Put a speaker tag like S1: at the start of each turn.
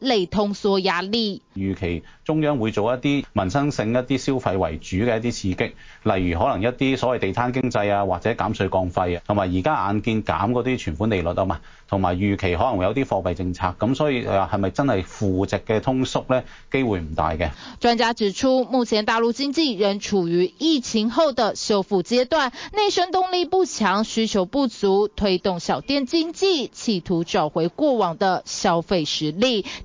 S1: 嚟通縮壓力，
S2: 預期中央會做一啲民生性一啲消費為主嘅一啲刺激，例如可能一啲所謂地攤經濟啊，或者減稅降費啊，同埋而家眼見減嗰啲存款利率啊嘛，同埋預期可能會有啲貨幣政策，咁所以誒係咪真係負值嘅通縮咧？機會唔大嘅。
S1: 專家指出，目前大陸經濟仍處於疫情後的修复階段，內生動力不強，需求不足，推動小店經濟，企圖找回過往的消費實力。